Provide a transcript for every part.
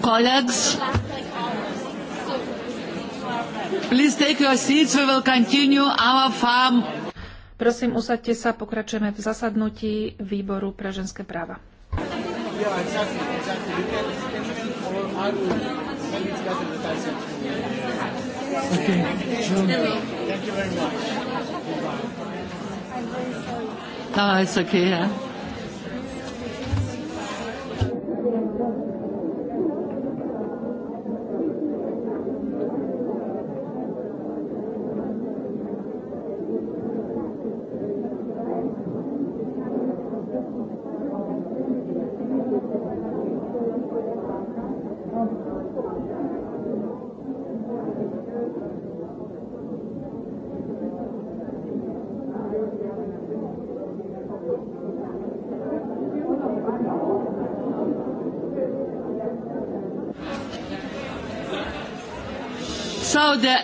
Colleagues, please take your seats. We will continue our farm. Prosím, usadte sa, pokračujeme v zasadnutí výboru pre ženské práva. Okay. Thank No, it's okay, yeah. now the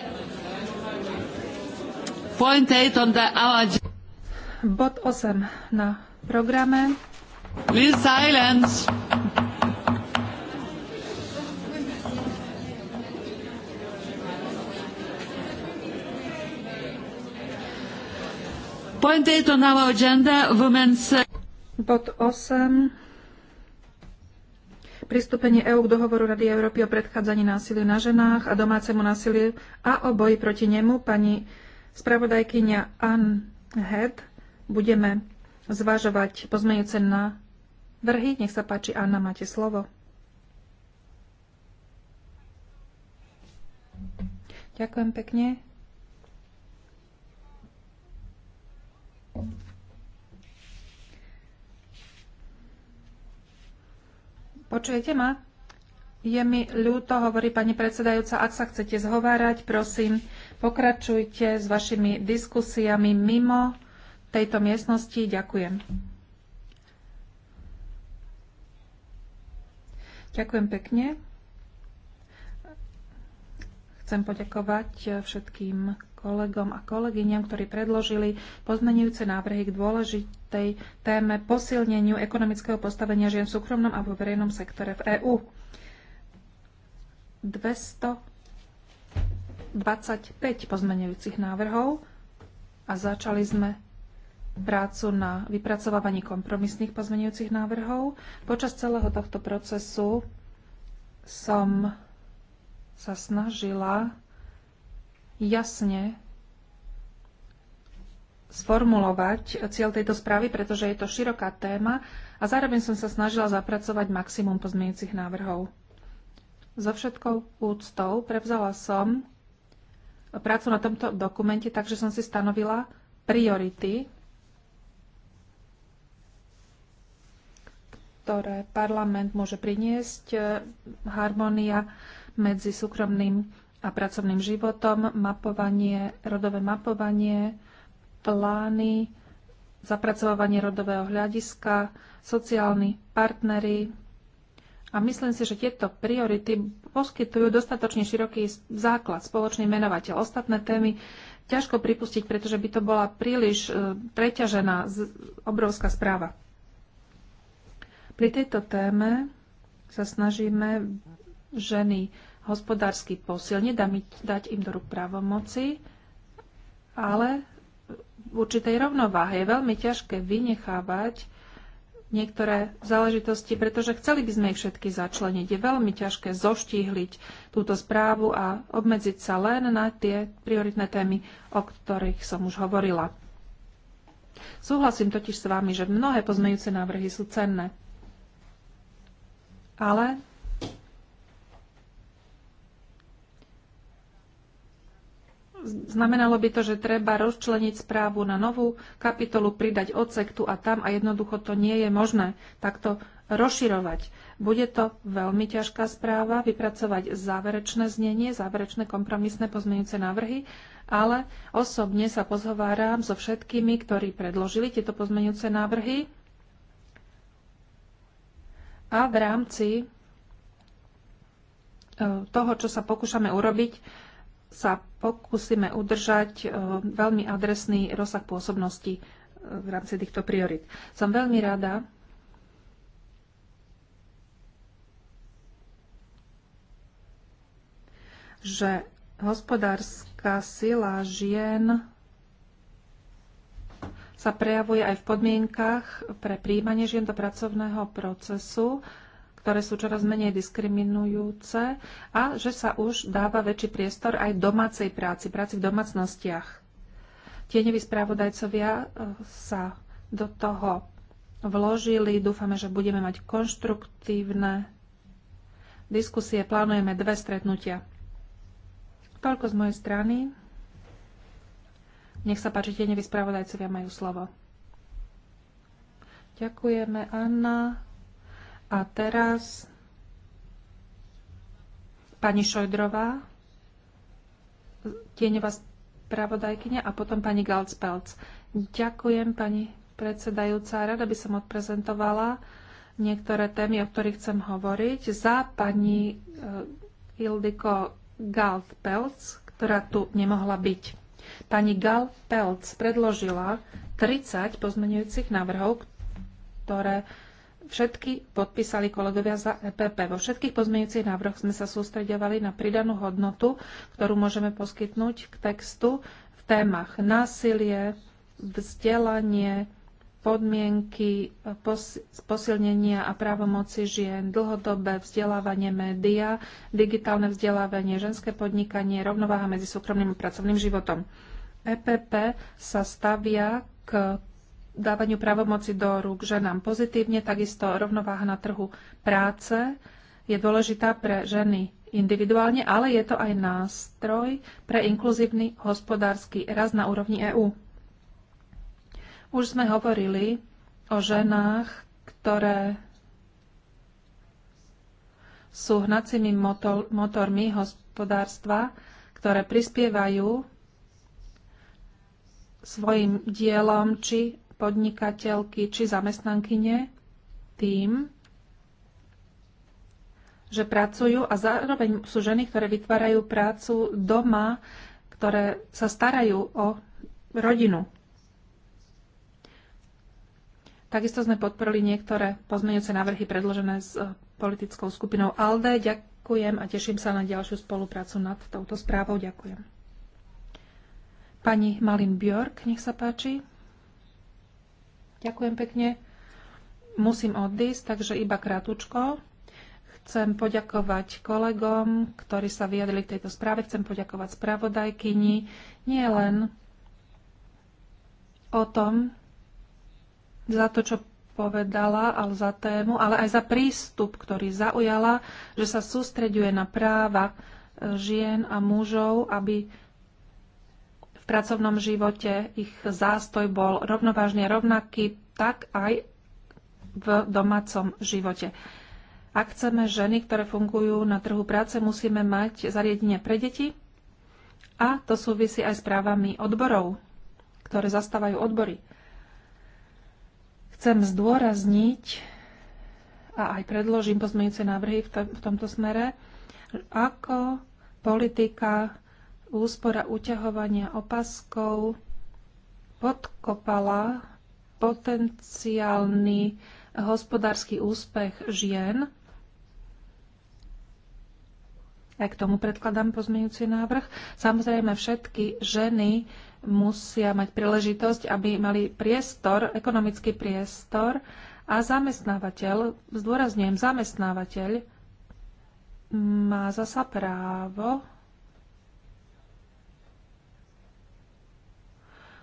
point eight on the our Bod 8 na programe. Please silence. Point 8 on our agenda, women's... Uh, Bod 8 pristúpenie EÚ k dohovoru Rady Európy o predchádzaní násiliu na ženách a domácemu násiliu a o boji proti nemu pani spravodajkyňa Ann Head budeme zvažovať pozmeňujúce na vrhy. Nech sa páči, Anna, máte slovo. Ďakujem pekne. Počujete ma? Je mi ľúto, hovorí pani predsedajúca, ak sa chcete zhovárať, prosím, pokračujte s vašimi diskusiami mimo tejto miestnosti. Ďakujem. Ďakujem pekne. Chcem poďakovať všetkým kolegom a kolegyňam, ktorí predložili pozmenujúce návrhy k dôležitej téme posilneniu ekonomického postavenia žien v súkromnom a vo verejnom sektore v EÚ. 225 pozmenujúcich návrhov a začali sme prácu na vypracovávaní kompromisných pozmenujúcich návrhov. Počas celého tohto procesu som sa snažila jasne sformulovať cieľ tejto správy, pretože je to široká téma a zároveň som sa snažila zapracovať maximum pozmeňujúcich návrhov. So všetkou úctou prevzala som prácu na tomto dokumente, takže som si stanovila priority, ktoré parlament môže priniesť, harmonia medzi súkromným a pracovným životom, mapovanie, rodové mapovanie, plány, zapracovanie rodového hľadiska, sociálni partnery. A myslím si, že tieto priority poskytujú dostatočne široký základ, spoločný menovateľ. Ostatné témy ťažko pripustiť, pretože by to bola príliš e, preťažená obrovská správa. Pri tejto téme sa snažíme ženy hospodársky posilniť, dať im do rúk právomoci, ale v určitej rovnováhe. Je veľmi ťažké vynechávať niektoré záležitosti, pretože chceli by sme ich všetky začleniť. Je veľmi ťažké zoštíhliť túto správu a obmedziť sa len na tie prioritné témy, o ktorých som už hovorila. Súhlasím totiž s vami, že mnohé pozmejúce návrhy sú cenné. Ale Znamenalo by to, že treba rozčleniť správu na novú kapitolu, pridať odsek tu a tam a jednoducho to nie je možné takto rozširovať. Bude to veľmi ťažká správa vypracovať záverečné znenie, záverečné kompromisné pozmeňujúce návrhy, ale osobne sa pozhováram so všetkými, ktorí predložili tieto pozmeňujúce návrhy a v rámci e, toho, čo sa pokúšame urobiť, sa pokúsime udržať e, veľmi adresný rozsah pôsobnosti e, v rámci týchto priorit. Som veľmi rada, že hospodárska sila žien sa prejavuje aj v podmienkach pre príjmanie žien do pracovného procesu ktoré sú čoraz menej diskriminujúce a že sa už dáva väčší priestor aj domácej práci, práci v domácnostiach. Tieňoví správodajcovia e, sa do toho vložili. Dúfame, že budeme mať konštruktívne diskusie. Plánujeme dve stretnutia. Toľko z mojej strany. Nech sa páči, tieňoví správodajcovia majú slovo. Ďakujeme, Anna. A teraz pani Šojdrová, tieňová spravodajkynia a potom pani Galcpelc. Ďakujem, pani predsedajúca. Rada by som odprezentovala niektoré témy, o ktorých chcem hovoriť. Za pani eh, Ildiko Galpelc, ktorá tu nemohla byť. Pani Galpelc predložila 30 pozmenujúcich návrhov, ktoré všetky podpísali kolegovia za EPP. Vo všetkých pozmeňujúcich návrhoch sme sa sústredovali na pridanú hodnotu, ktorú môžeme poskytnúť k textu v témach násilie, vzdelanie, podmienky posilnenia a právomoci žien, dlhodobé vzdelávanie média, digitálne vzdelávanie, ženské podnikanie, rovnováha medzi súkromným a pracovným životom. EPP sa stavia k dávaniu právomoci do rúk ženám pozitívne, takisto rovnováha na trhu práce je dôležitá pre ženy individuálne, ale je to aj nástroj pre inkluzívny hospodársky rast na úrovni EÚ. Už sme hovorili o ženách, ktoré sú hnacími motor, motormi hospodárstva, ktoré prispievajú svojim dielom či podnikateľky či zamestnankyne tým, že pracujú a zároveň sú ženy, ktoré vytvárajú prácu doma, ktoré sa starajú o rodinu. Takisto sme podporili niektoré pozmeňujúce návrhy predložené s politickou skupinou ALDE. Ďakujem a teším sa na ďalšiu spoluprácu nad touto správou. Ďakujem. Pani Malin Björk, nech sa páči. Ďakujem pekne. Musím odísť, takže iba krátko. Chcem poďakovať kolegom, ktorí sa vyjadrili k tejto správe. Chcem poďakovať spravodajkyni. Nie len o tom, za to, čo povedala, ale za tému, ale aj za prístup, ktorý zaujala, že sa sústreďuje na práva e, žien a mužov, aby pracovnom živote. Ich zástoj bol rovnovážne rovnaký, tak aj v domácom živote. Ak chceme ženy, ktoré fungujú na trhu práce, musíme mať zariadenie pre deti a to súvisí aj s právami odborov, ktoré zastávajú odbory. Chcem zdôrazniť a aj predložím pozmeňujúce návrhy v, v tomto smere, ako politika úspora uťahovania opaskov podkopala potenciálny hospodársky úspech žien. Aj k tomu predkladám pozmeňujúci návrh. Samozrejme, všetky ženy musia mať príležitosť, aby mali priestor, ekonomický priestor a zamestnávateľ, zdôrazňujem, zamestnávateľ má zasa právo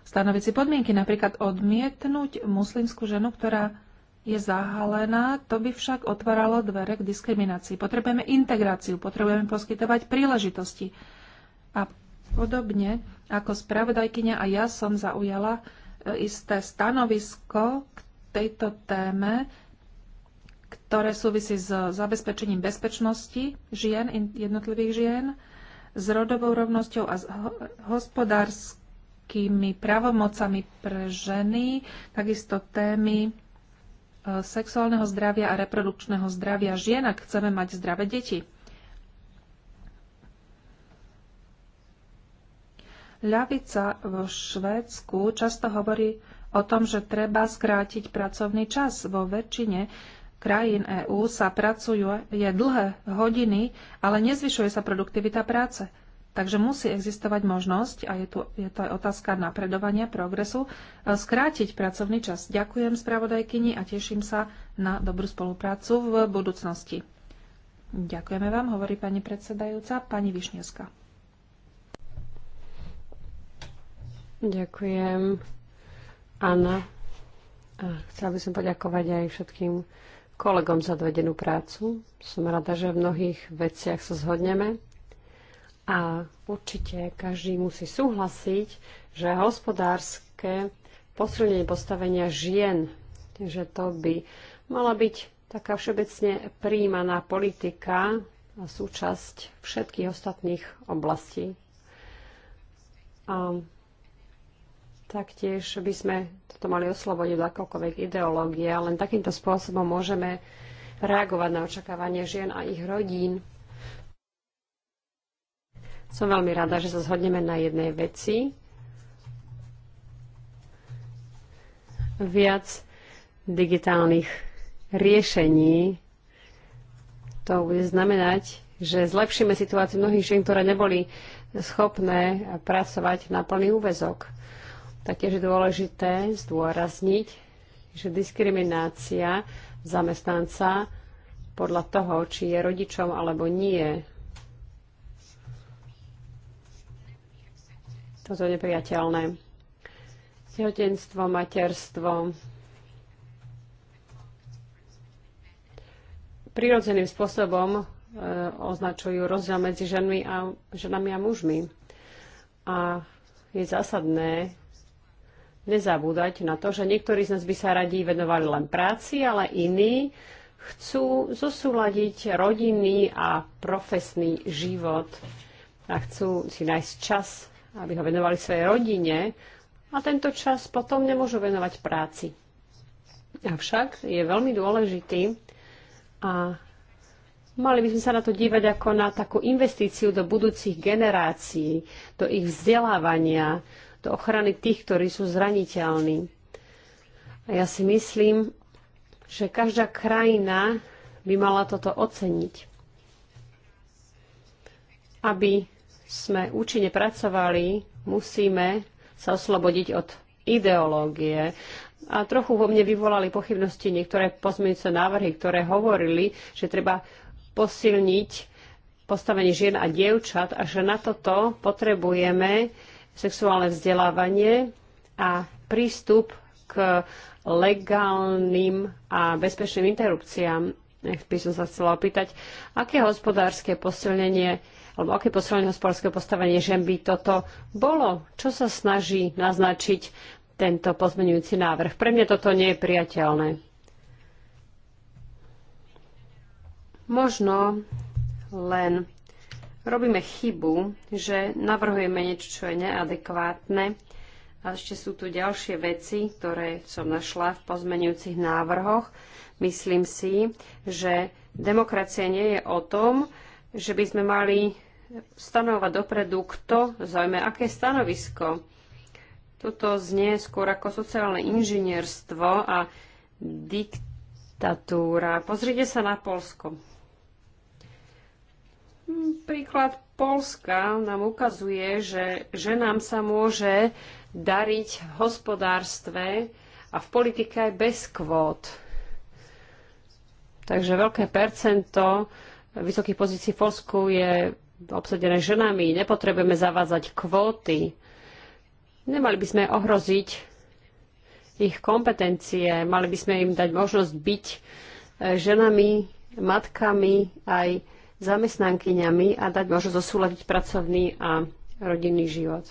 stanoviť si podmienky, napríklad odmietnúť muslimskú ženu, ktorá je zahalená, to by však otváralo dvere k diskriminácii. Potrebujeme integráciu, potrebujeme poskytovať príležitosti. A podobne ako spravodajkyňa a ja som zaujala e, isté stanovisko k tejto téme, ktoré súvisí s zabezpečením bezpečnosti žien, jednotlivých žien, s rodovou rovnosťou a s rovnakými pravomocami pre ženy, takisto témy e, sexuálneho zdravia a reprodukčného zdravia žien, ak chceme mať zdravé deti. Ľavica vo Švédsku často hovorí o tom, že treba skrátiť pracovný čas. Vo väčšine krajín EÚ sa pracujú je dlhé hodiny, ale nezvyšuje sa produktivita práce. Takže musí existovať možnosť, a je tu, je tu aj otázka napredovania, progresu, e, skrátiť pracovný čas. Ďakujem spravodajkyni a teším sa na dobrú spoluprácu v budúcnosti. Ďakujeme vám, hovorí pani predsedajúca, pani Višňovská. Ďakujem, Anna. A chcela by som poďakovať aj všetkým kolegom za odvedenú prácu. Som rada, že v mnohých veciach sa zhodneme. A určite každý musí súhlasiť, že hospodárske posilnenie postavenia žien, že to by mala byť taká všeobecne príjmaná politika a súčasť všetkých ostatných oblastí. A taktiež by sme toto mali oslobodiť od akokoľvek ideológie, len takýmto spôsobom môžeme reagovať na očakávanie žien a ich rodín. Som veľmi rada, že sa zhodneme na jednej veci. Viac digitálnych riešení to bude znamenať, že zlepšíme situáciu mnohých žien, ktoré neboli schopné pracovať na plný úvezok. Taktiež je dôležité zdôrazniť, že diskriminácia zamestnanca podľa toho, či je rodičom alebo nie, Toto je nepriateľné. Tehotenstvo, materstvo. Prirodzeným spôsobom e, označujú rozdiel medzi ženmi a, ženami a mužmi. A je zásadné nezabúdať na to, že niektorí z nás by sa radí venovali len práci, ale iní chcú zosúľadiť rodinný a profesný život a chcú si nájsť čas aby ho venovali svojej rodine a tento čas potom nemôžu venovať práci. Avšak je veľmi dôležitý a mali by sme sa na to dívať ako na takú investíciu do budúcich generácií, do ich vzdelávania, do ochrany tých, ktorí sú zraniteľní. A ja si myslím, že každá krajina by mala toto oceniť, aby sme účinne pracovali, musíme sa oslobodiť od ideológie. A trochu vo mne vyvolali pochybnosti niektoré pozmeňujúce návrhy, ktoré hovorili, že treba posilniť postavenie žien a dievčat a že na toto potrebujeme sexuálne vzdelávanie a prístup k legálnym a bezpečným interrupciám. Nech by som sa chcela opýtať, aké hospodárske posilnenie alebo aké posilnenie hospodárskeho postavenie žen by toto bolo? Čo sa snaží naznačiť tento pozmenujúci návrh? Pre mňa toto nie je priateľné. Možno len robíme chybu, že navrhujeme niečo, čo je neadekvátne. A ešte sú tu ďalšie veci, ktoré som našla v pozmeňujúcich návrhoch. Myslím si, že demokracia nie je o tom, že by sme mali stanovať dopredu, kto zaujme aké stanovisko. Toto znie skôr ako sociálne inžinierstvo a diktatúra. Pozrite sa na Polsko. Hm, príklad Polska nám ukazuje, že ženám sa môže dariť v hospodárstve a v politike aj bez kvót. Takže veľké percento vysokých pozícií v Polsku je obsadené ženami, nepotrebujeme zavádzať kvóty. Nemali by sme ohroziť ich kompetencie, mali by sme im dať možnosť byť e, ženami, matkami, aj zamestnankyňami a dať možnosť zosúľadiť pracovný a rodinný život.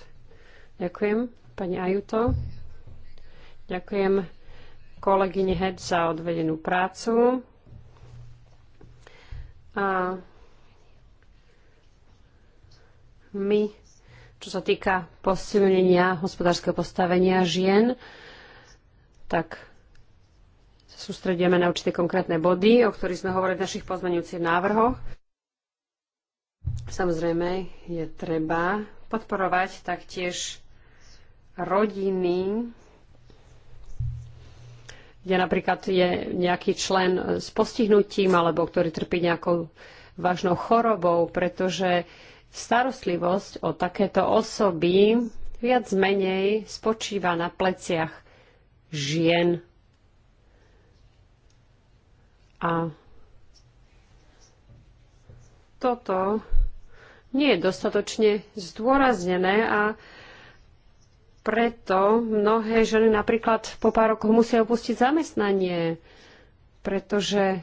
Ďakujem, pani Ajuto. Ďakujem kolegyne Head za odvedenú prácu. A my, čo sa týka posilnenia hospodárskeho postavenia žien, tak sa sústredíme na určité konkrétne body, o ktorých sme hovorili v našich pozmeňujúcich návrhoch. Samozrejme, je treba podporovať taktiež rodiny, kde napríklad je nejaký člen s postihnutím alebo ktorý trpí nejakou vážnou chorobou, pretože starostlivosť o takéto osoby viac menej spočíva na pleciach žien. A toto nie je dostatočne zdôraznené a preto mnohé ženy napríklad po pár rokoch musia opustiť zamestnanie, pretože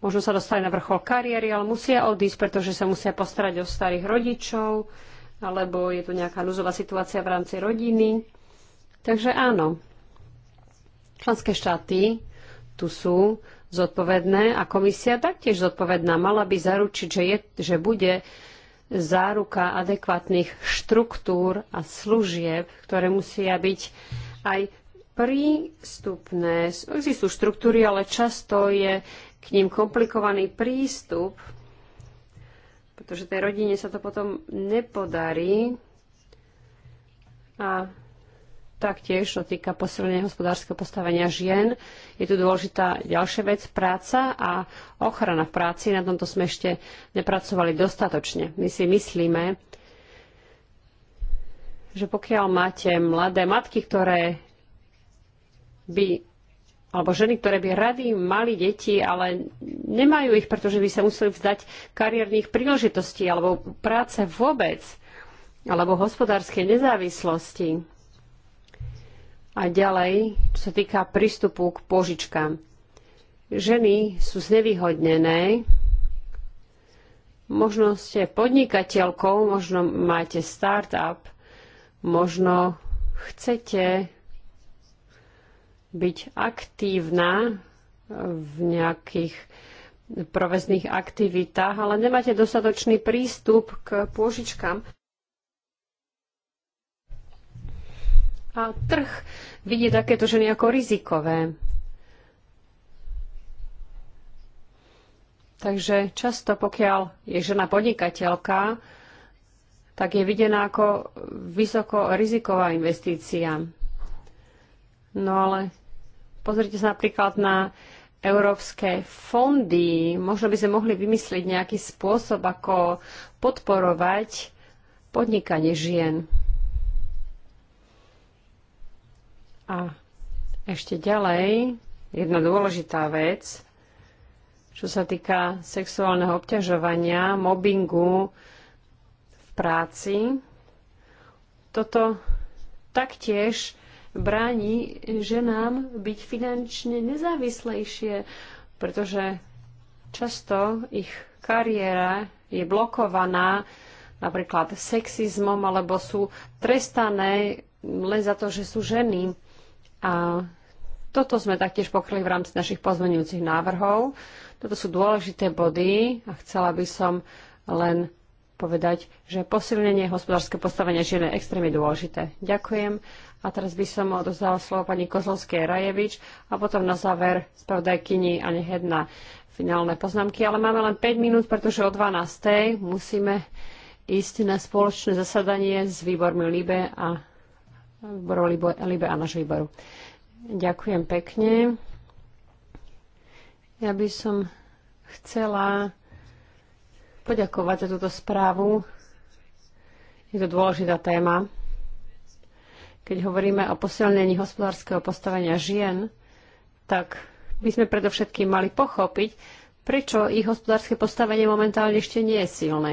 možno sa dostali na vrchol kariéry, ale musia odísť, pretože sa musia postarať o starých rodičov, alebo je tu nejaká núzová situácia v rámci rodiny. Takže áno, členské štáty tu sú zodpovedné a komisia taktiež zodpovedná. Mala by zaručiť, že, je, že bude záruka adekvátnych štruktúr a služieb, ktoré musia byť aj prístupné. Existujú štruktúry, ale často je k ním komplikovaný prístup, pretože tej rodine sa to potom nepodarí. A taktiež to týka posilnenia hospodárskeho postavenia žien. Je tu dôležitá ďalšia vec, práca a ochrana v práci. Na tomto sme ešte nepracovali dostatočne. My si myslíme, že pokiaľ máte mladé matky, ktoré by alebo ženy, ktoré by rady mali deti, ale nemajú ich, pretože by sa museli vzdať kariérnych príležitostí alebo práce vôbec, alebo hospodárskej nezávislosti. A ďalej, čo sa týka prístupu k požičkám. Ženy sú znevýhodnené. Možno ste podnikateľkou, možno máte start-up, možno chcete byť aktívna v nejakých provezných aktivitách, ale nemáte dostatočný prístup k pôžičkám. A trh vidie takéto ženy ako rizikové. Takže často, pokiaľ je žena podnikateľka, tak je videná ako vysoko riziková investícia. No ale Pozrite sa napríklad na európske fondy. Možno by sme mohli vymyslieť nejaký spôsob, ako podporovať podnikanie žien. A ešte ďalej, jedna dôležitá vec, čo sa týka sexuálneho obťažovania, mobbingu v práci. Toto taktiež bráni ženám byť finančne nezávislejšie, pretože často ich kariéra je blokovaná napríklad sexizmom alebo sú trestané len za to, že sú ženy. A toto sme taktiež pokryli v rámci našich pozmeňujúcich návrhov. Toto sú dôležité body a chcela by som len povedať, že posilnenie hospodárske postavenia žien je extrémne dôležité. Ďakujem. A teraz by som odozdala slovo pani Kozlovskej Rajevič a potom na záver spravodajkyni a nehed na finálne poznámky. Ale máme len 5 minút, pretože o 12. musíme ísť na spoločné zasadanie s výbormi Libe a výboru Libe a náš výboru. Ďakujem pekne. Ja by som chcela poďakovať za túto správu. Je to dôležitá téma keď hovoríme o posilnení hospodárskeho postavenia žien, tak by sme predovšetkým mali pochopiť, prečo ich hospodárske postavenie momentálne ešte nie je silné.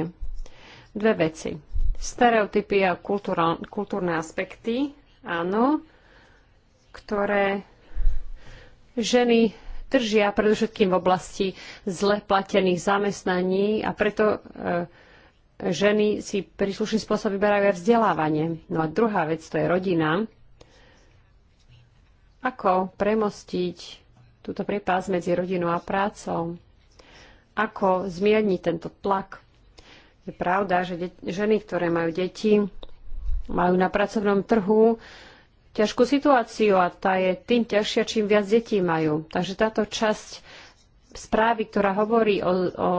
Dve veci. Stereotypy a kultúrne aspekty, áno, ktoré ženy držia predovšetkým v oblasti zle platených zamestnaní a preto e, ženy si príslušným spôsobom vyberajú aj vzdelávanie. No a druhá vec to je rodina. Ako premostiť túto prípas medzi rodinou a prácou? Ako zmierniť tento tlak? Je pravda, že ženy, ktoré majú deti, majú na pracovnom trhu ťažkú situáciu a tá je tým ťažšia, čím viac detí majú. Takže táto časť správy, ktorá hovorí o, o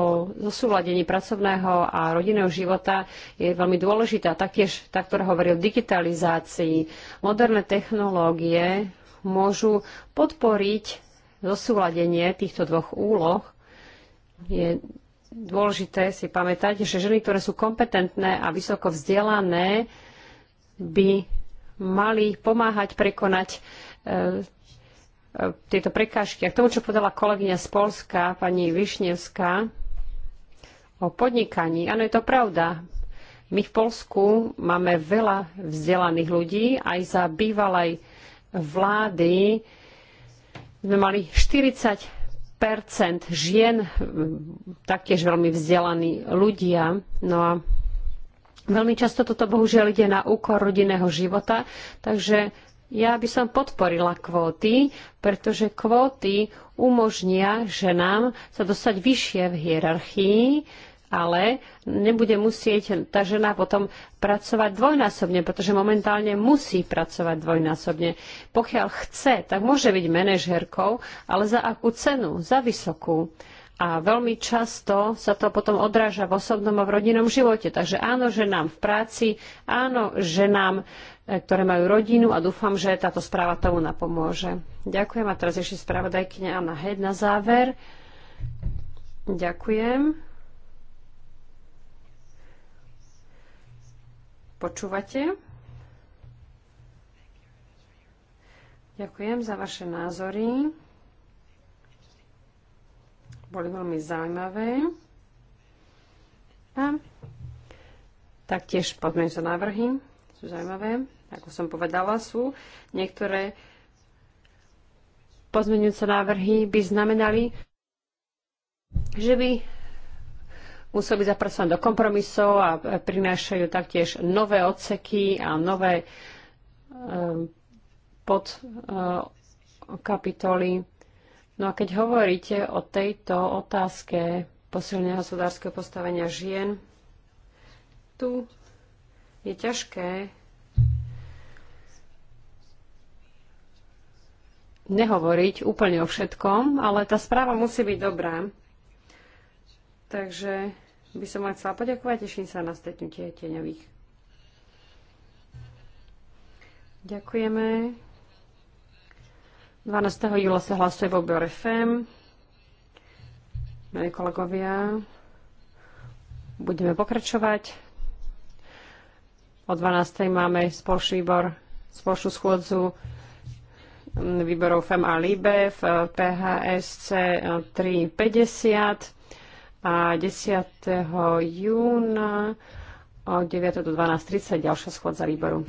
zosúladení pracovného a rodinného života, je veľmi dôležitá. Taktiež tá, ktorá hovorí o digitalizácii. Moderné technológie môžu podporiť zosúladenie týchto dvoch úloh. Je dôležité si pamätať, že ženy, ktoré sú kompetentné a vysoko vzdelané, by mali pomáhať prekonať e, tieto prekážky. A k tomu, čo povedala kolegyňa z Polska, pani Višnevská, o podnikaní. Áno, je to pravda. My v Polsku máme veľa vzdelaných ľudí. Aj za bývalej vlády sme mali 40 žien, taktiež veľmi vzdelaní ľudia. No a Veľmi často toto bohužiaľ ide na úkor rodinného života, takže ja by som podporila kvóty, pretože kvóty umožnia ženám sa dostať vyššie v hierarchii, ale nebude musieť tá žena potom pracovať dvojnásobne, pretože momentálne musí pracovať dvojnásobne. Pokiaľ chce, tak môže byť manažérkou, ale za akú cenu? Za vysokú. A veľmi často sa to potom odráža v osobnom a v rodinnom živote. Takže áno, ženám v práci, áno, že nám. E, ktoré majú rodinu a dúfam, že táto správa tomu napomôže. Ďakujem a teraz ešte spravodajkyňa Anna Hed na záver. Ďakujem. Počúvate? Ďakujem za vaše názory. Boli veľmi zaujímavé. A taktiež sa návrhy sú zaujímavé. Ako som povedala, sú niektoré pozmeňujúce návrhy by znamenali, že by museli byť zapracované do kompromisov a prinášajú taktiež nové odseky a nové e, podkapitoly. E, no a keď hovoríte o tejto otázke posilnenia hospodárskeho postavenia žien, tu je ťažké nehovoriť úplne o všetkom, ale tá správa musí byť dobrá. Takže by som vám chcela poďakovať, teším sa na stretnutie tieňových. Ďakujeme. 12. júla sa hlasuje v obor FM. Milí kolegovia, budeme pokračovať. O 12. máme spoločný výbor, spoločnú schôdzu výborov FEM a LIBE v PHSC 350 a 10. júna od 9. do 12.30 ďalšia schôdza výboru.